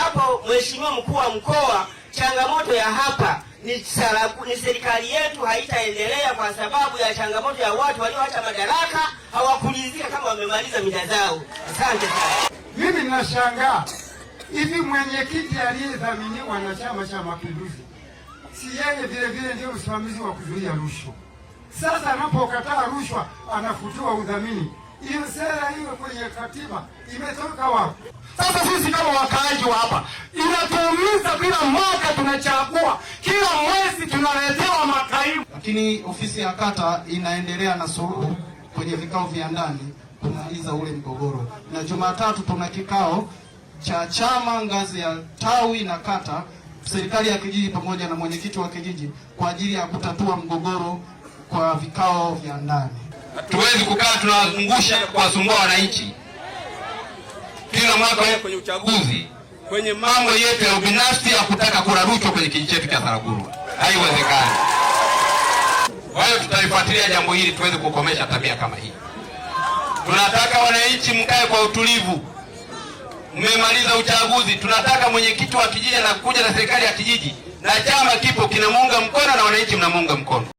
hapo, mheshimiwa mkuu wa mkoa, changamoto ya hapa ni, saraku, ni serikali yetu haitaendelea kwa sababu ya changamoto ya watu walioacha madaraka hawakulizika kama wamemaliza mida zao. Asante sana. Mimi ninashangaa hivi, mwenyekiti aliyedhaminiwa na Chama cha Mapinduzi si yeye vile vile ndiyo msimamizi wa kuzuia rushwa? Sasa anapokataa rushwa anafutiwa udhamini hiyo sera hiyo kwenye katiba imetoka wapi? Sasa sisi kama wakaaji wa hapa inatuumiza, kila mwaka tunachagua, kila mwezi tunaletewa makaibu. Lakini ofisi ya kata inaendelea na suluhu kwenye vikao vya ndani kumaliza ule mgogoro, na Jumatatu tuna kikao cha chama ngazi ya tawi na kata, serikali ya kijiji pamoja na mwenyekiti wa kijiji kwa ajili ya kutatua mgogoro kwa vikao vya ndani tuwezi kukaa tunawazungusha kuwasumbua wananchi kila mwaka kwenye uchaguzi kwenye mambo yetu ya ubinafsi ya kutaka kura rushwa kwenye kijiji chetu cha Saraguru, haiwezekani. Kwa hiyo tutalifuatilia jambo hili tuweze kukomesha tabia kama hii. Tunataka wananchi mkae kwa utulivu. Mmemaliza uchaguzi, tunataka mwenyekiti wa kijiji anakuja na serikali ya kijiji na chama kipo kinamuunga mkono na wananchi mnamuunga mkono.